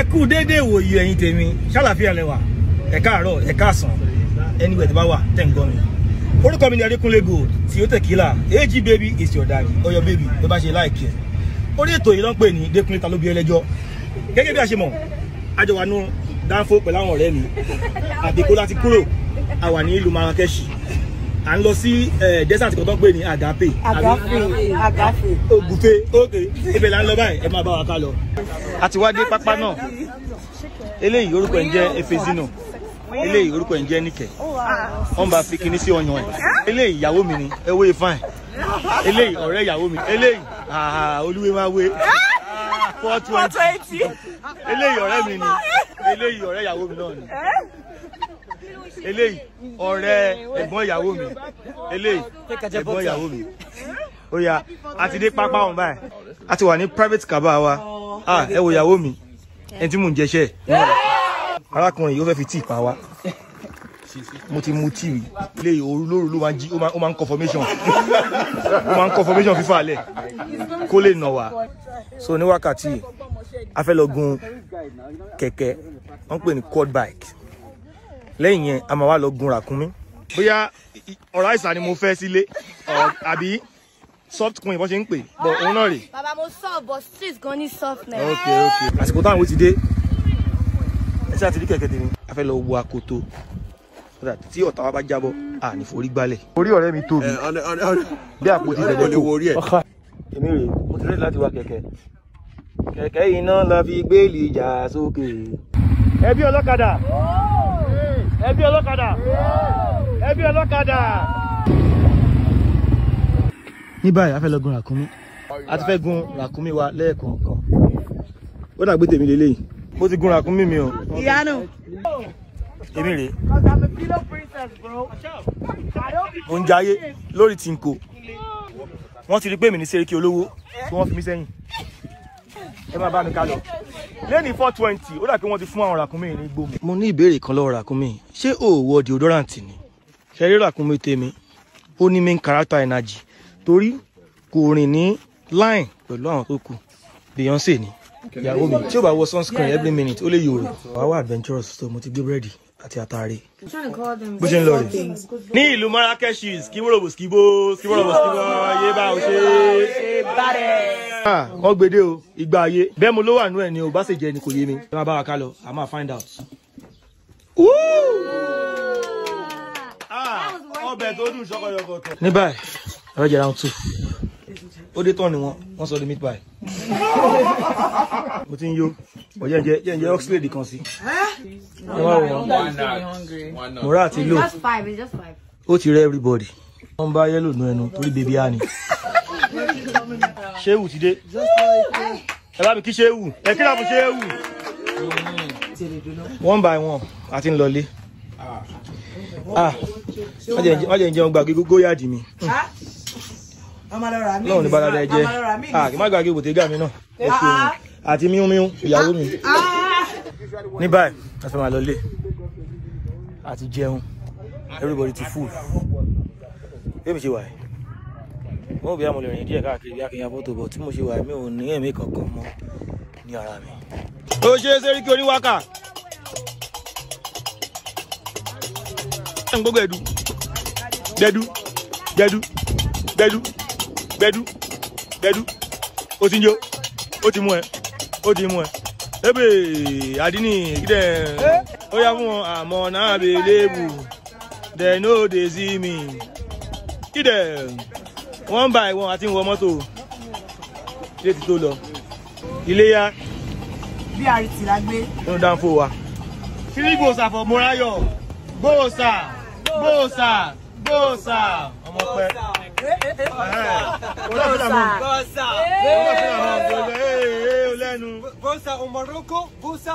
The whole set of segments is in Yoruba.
ẹ kú déédé ìwòyí ẹ̀yin tèmi ṣàlàfíà lẹwà ẹ káàárọ̀ ẹ káàsán anywhere tó bá wà tẹ̀ ń gbọ́ mi orúkọ mi ni Arékúnlé Gold tí ó tẹ̀kílà ag baby is your daddy your baby ló bá ṣe láìkí ẹ orí ètò yìí ló ń pè ní Dékúnlé ta ló bí ẹlẹ́jọ́ gẹ́gẹ́ bí a ṣe mọ̀ àjọ wà nù Dánfó pẹ̀lú àwọn ọ̀rẹ́ mi Àbíkó láti kúrò a wà ní ìlú Marrakesh à ń lọ sí eh, desert kan tó ń pè ní agape. agape agape. ogufe ok ibẹ̀ là ń lọ báyìí ẹ máa bá wa ká lọ. a ti wá dé pápá náà eléyìí orúkọ ẹ̀ ń jẹ́ efezino eléyìí orúkọ ẹ̀ ń jẹ́ níkẹ́ wọ́n bá fi kinní sí ọyàn ẹ̀ eléyìí ìyàwó mi ni ẹ wé fine eléyìí ọ̀rẹ́ ìyàwó mi eléyìí olúwe máa wé four twenty eléyìí ọ̀rẹ́ mi ni eléyìí ọ̀rẹ́ ìyàwó mi náà ni eléyìí ọ̀rẹ́ ẹ̀gbọ́n ìyàwó mi eléyìí ẹ̀gbọ́n ìyàwó mi ó yá a ti dé pápá ọ̀hún báyìí a ti wà ní private kaba wa ẹ wo ìyàwó mi ẹni tí mò ń jẹṣẹ arákùnrin yìí ó fẹ́ fi tíì pa wa mo ti mu tíì rí eléyìí òru lóru ló máa ń jí ó máa ń kọ ó máa ń kọ formation fífa kó lè nà wá so ní wákàtí a fẹ́ lọ gun kẹ̀kẹ́ wọ́n pè ní quad bike lẹ́yìn yẹn a máa wá lọ gun ràkúnmí. bóyá ọ̀rọ̀ àìsàn ni mo fẹ́ sílé àbí soft queen bó ṣe ń pè bọ̀ òun náà rè. bàbá mo sọ bọ street gan ní softness. ok ok àsìkò táwọn ti dé ẹ ṣáà ti rí kẹ̀kẹ́ tèmi a fẹ́ lọ wo akoto tí ọ̀tá wa bá jábọ̀ à ní forí gbálẹ̀. orí ọ̀rẹ́ mi tóbi bí àpótí tẹ̀lé tó èmi rè mo ti rẹ́ẹ̀dì láti wa kẹ̀kẹ́ kẹ̀kẹ́ iná la fi gbé ìlì ìjà sókè. ẹbí ọlọ́kadà. Oh! ẹbí ọlọ́kadà ẹbí ọlọ́kadà. ní báyìí a fẹ́ lọ gun ràkúnmí a ti fẹ́ gun ràkúnmí wa lẹ́ẹ̀kọ̀ọ̀kan ó dàgbé tèmi lélẹ́yìí mo ti gun ràkúnmí mi o. ìyanu. èmi rèé mo ń jayé lórí tìǹkò wọ́n ti rí pé mi ní sẹ́ríkì olówó tí wọ́n fi mí sẹ́yìn ẹ má bá mi ká lọ lẹ́ni four twenty ó dà pé wọ́n ti fún àwọn ràkúnmí ní gbòmù. mo ní ìbéèrè kan lọ́wọ́ ràkúnmí ṣé òòwò deodorant ni ṣe rí ràkúnmí tèmi ó ní main character energy torí kò rìn ní line pẹ̀lú àwọn tó kù Beyonce ni ìyàwó mi tí ó bá wọ sunscreen every minute ó lè yòrò. wàá wà adventurous so mo ti gbé búrẹ́dì àti àtàrí bó ṣe ń lọ rè ní ìlú marrakesh skiworobo skibo skiworobo skibo ayé bá o ṣe wọ́n gbede o ìgbà ayé bẹ́ẹ̀ mo ló wà nú ẹ̀ ni o bá sì jẹ́ ni kò yé mi ẹ má bá wa ká lọ a máa find out. ọbẹ̀ tó dùn ṣọkọyọkọ tọ̀. ní báyìí ẹ̀rọ jẹ́ round two ó dé tán ni wọn wọn sọ di meat pie mo ti ń yó ọ̀yẹ́ ń jẹ́ oxlade kan sí mọ̀rá àti lò ó ti rẹ́ everybody wọ́n bá yẹ́lò nu ẹnu torí bèbí á ni ṣéwù ti dé ẹ bá mi kí ṣéwù ẹ kí làbù ṣéwù one by one àti ń lọlé ah, wọ́n jẹ́ ìjẹun gbàgbé gógóyàdì mi ah. náà ní bàdàdà ẹ jẹ́ kí má gbàgbé bòtégà mi náà ah. àti míúmíú ìyàwó mi ní báyìí a fẹ́ máa lọlé a ti jẹun everybody ti full bí mi ṣe wà yìí mo bí amọ̀ lè rìn díẹ̀ káàkiri bí akínyàn fọ́tò bọ̀ tí mo ṣe wà mí ò ní ẹ̀mí kankan mọ́ ní ara mi. ó ṣe é sẹ́rí kí oníwákà gbogbo ẹ̀dú gbẹ̀dú gbẹ̀dú gbẹ̀dú gbẹ̀dú gbẹ̀dú ó ti ń jó ó ti mú ẹ ó ti mú ẹ ebe adini gidan oya fún àmọ náà belebu they no dey see me gidan one by one àti ìwọ mọ́tò ilé ti tó lọ iléyà. bí a rí ti la gbé. nínú dánfò wa. kiri gbòòsà fọ Bosa gbòòsà gbòòsà Bosa, Bosa, Bosa. gbòòsà gbòòsà gbòòsà lẹ́nu. Cosa o Morocco, Busa.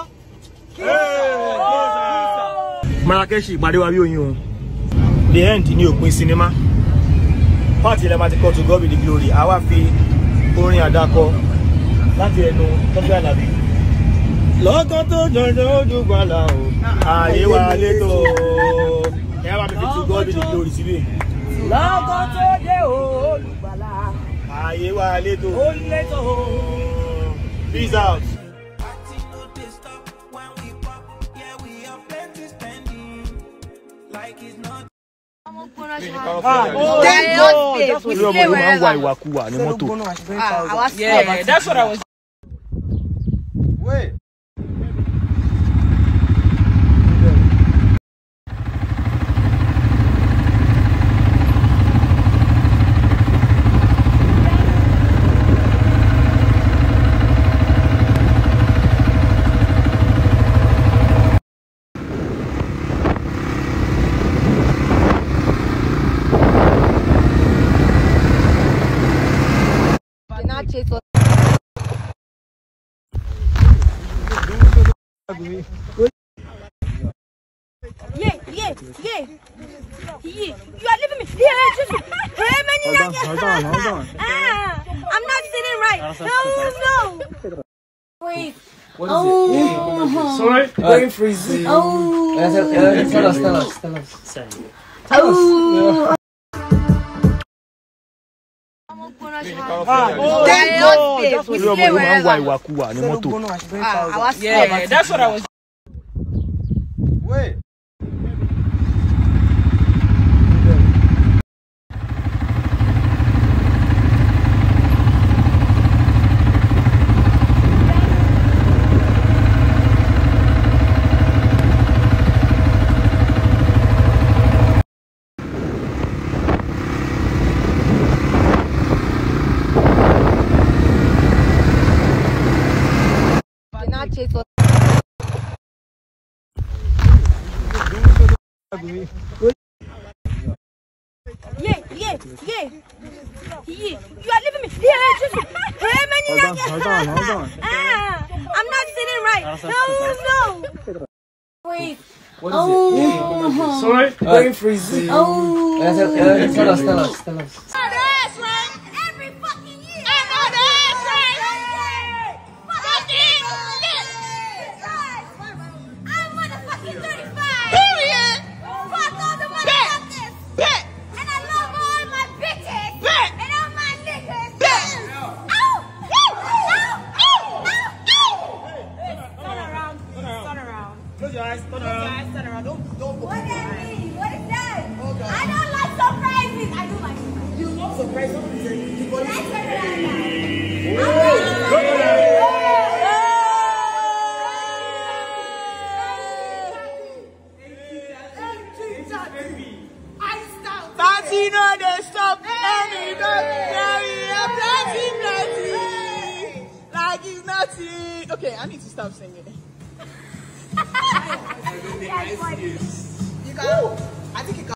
Marrakesh ìpàdé wa oyin o. The end ni òpin cinema. Páàtì ilẹ̀ máa ti kọ́ to God be the glory. A wá fi orin àdákọ láti ẹnu Tọ́jú Àlàbí. Lọ́kọ́ to jọjọ́ ojú gbọ́lá o, ààyè wa létò o. Ẹ wá mi fi to God be the glory síbí. Lọ́kọ́ tó dé olùgbàlà. Ààyè wa létò o. Ó létò o. Peace out. Yeah, that's what I was purchase for yeah, yeah, yeah, You are leaving me. Yeah, just hold on, hold on, hold on. Ah, I'm not sitting right. No, no. Wait. What is oh. it? Sorry, Brain uh, Oh. Tell us, tell us, tell us. Oh. Tell us. Oh. Yeah. Thank God. We slay wherever. That's what I was. Wait. Yeah, yeah, yeah. you are leaving me. Yeah, just hey, man, hold ah, I'm not sitting right. No, no. Wait. What is oh. it? Sorry. Brain freezing. Oh. Uh, tell us, tell us, tell us. Okay, I need to stop singing. I, I, I, I think I think you got. I think you got.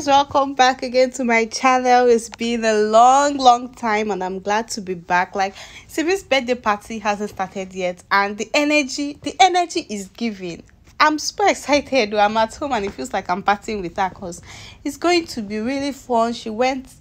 guys welcome back again to my channel it's been a long long time and i'm glad to be back like Simi's birthday party hasn't started yet and the energy the energy is giving i'm super excited i'm at home and it feels like i'm partying with her because it's going to be really fun she went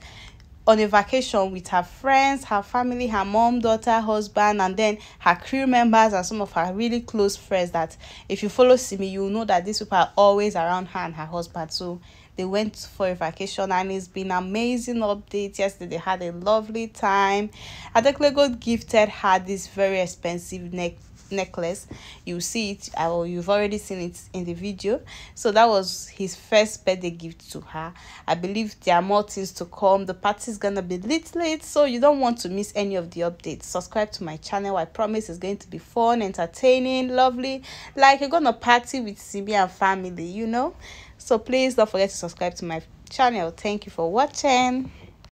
on a vacation with her friends, her family, her mom, daughter, husband, and then her crew members and some of her really close friends. That if you follow Simi, you know that these people are always around her and her husband. So they went for a vacation and it's been amazing update yesterday they had a lovely time got gifted her this very expensive necklace necklace you see it or you've already seen it in the video so that was his first birthday gift to her i believe there are more things to come the party's gonna be lit late so you don't want to miss any of the updates subscribe to my channel i promise it's going to be fun entertaining lovely like you're gonna party with cb and family you know so please don't forget to subscribe to my channel thank you for watching